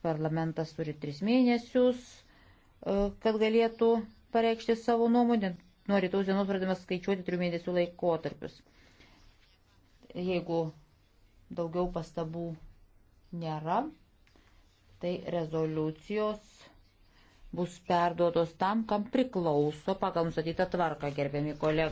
Parlamentas turi tris mėnesius, e, kad galėtų pareikšti savo nuomonę. Nuo rytaus dienos pradėmas skaičiuoti trijų mėnesių laikotarpius. Jeigu daugiau pastabų nėra, tai rezoliucijos bus perduotos tam, kam priklauso pagal nustatytą tvarką, gerbiami kolegos.